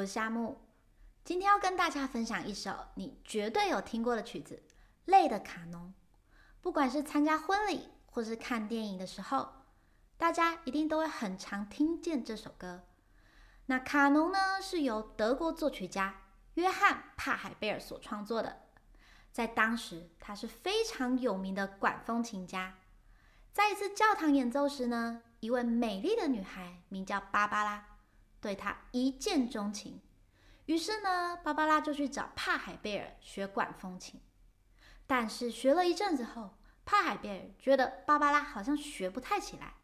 我是夏慕，今天要跟大家分享一首你絕對有聽過的曲子，《淚的卡農》。不管是參加婚禮或是看電影的時候，大家一定都會很常聽見這首歌。那卡農呢，是由德國作曲家約翰·帕海貝爾所創作的，在當時他是非常有名的管風琴家。在一次教堂演奏時呢，一位美麗的女孩名叫芭芭拉。對他一見鍾情，於是呢，芭芭拉就去找帕海貝爾學管風琴。但是學了一陣子後，帕海貝爾覺得芭芭拉好像學不太起來，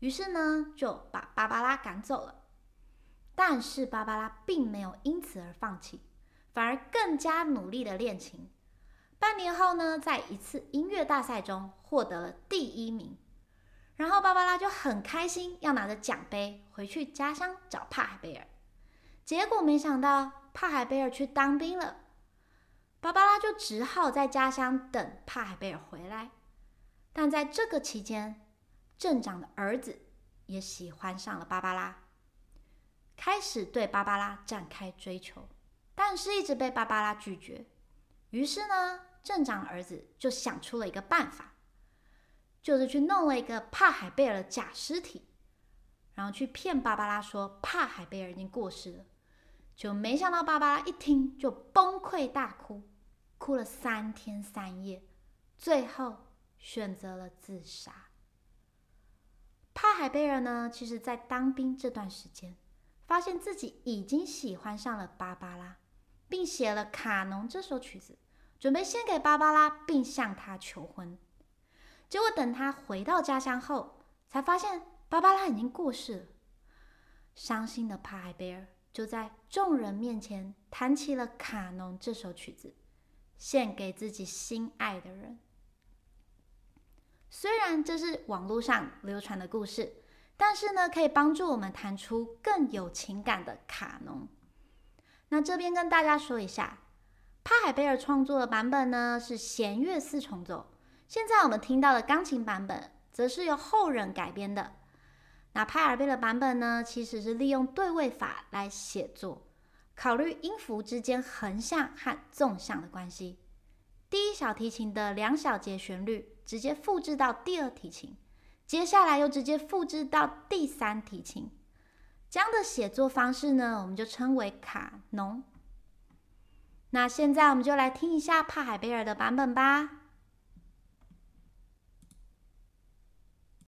於是呢就把芭芭拉趕走了。但是芭芭拉並沒有因此而放棄，反而更加努力的練琴。半年後呢，在一次音樂大賽中獲得了第一名。然後芭芭拉就很開心，要拿着獎杯回去家鄉找帕海貝爾。結果沒想到帕海貝爾去當兵了，芭芭拉就只好在家鄉等帕海貝爾回來。但在這個期間，鎮長的兒子也喜歡上了芭芭拉，開始對芭芭拉展開追求，但是一直被芭芭拉拒絕。於是呢，鎮長的兒子就想出了一個辦法。就是去弄了一個帕海貝爾的假屍體，然後去騙芭芭拉說帕海貝爾已經過世了，就沒想到芭芭拉一聽就崩潰大哭，哭了三天三夜，最後選擇了自殺。帕海貝爾呢，其實在當兵這段時間，發現自己已經喜歡上了芭芭拉，並寫了《卡農》這首曲子，準備獻給芭芭拉，並向她求婚。結果等他回到家鄉後，才發現芭芭拉已經過世了，傷心的帕海貝爾就在眾人面前彈起了《卡農》這首曲子，獻給自己心愛的人。雖然這是網絡上流傳的故事，但是呢，可以幫助我們彈出更有情感的《卡農》。那這邊跟大家說一下，帕海貝爾創作的版本呢，是弦樂四重奏。現在我們聽到的鋼琴版本，則是由後人改編的。那帕爾貝的版本呢，其實是利用對位法來寫作，考慮音符之間橫向和縱向的關係。第一小提琴的兩小節旋律直接複製到第二提琴，接下來又直接複製到第三提琴。這樣的寫作方式呢，我們就稱為卡農。那現在我們就來聽一下帕海貝爾的版本吧。